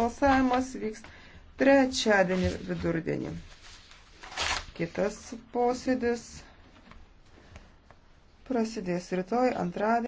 Balsavimas vyks trečiadienį vidurdienį. Kitas posėdis prasidės rytoj antradienį.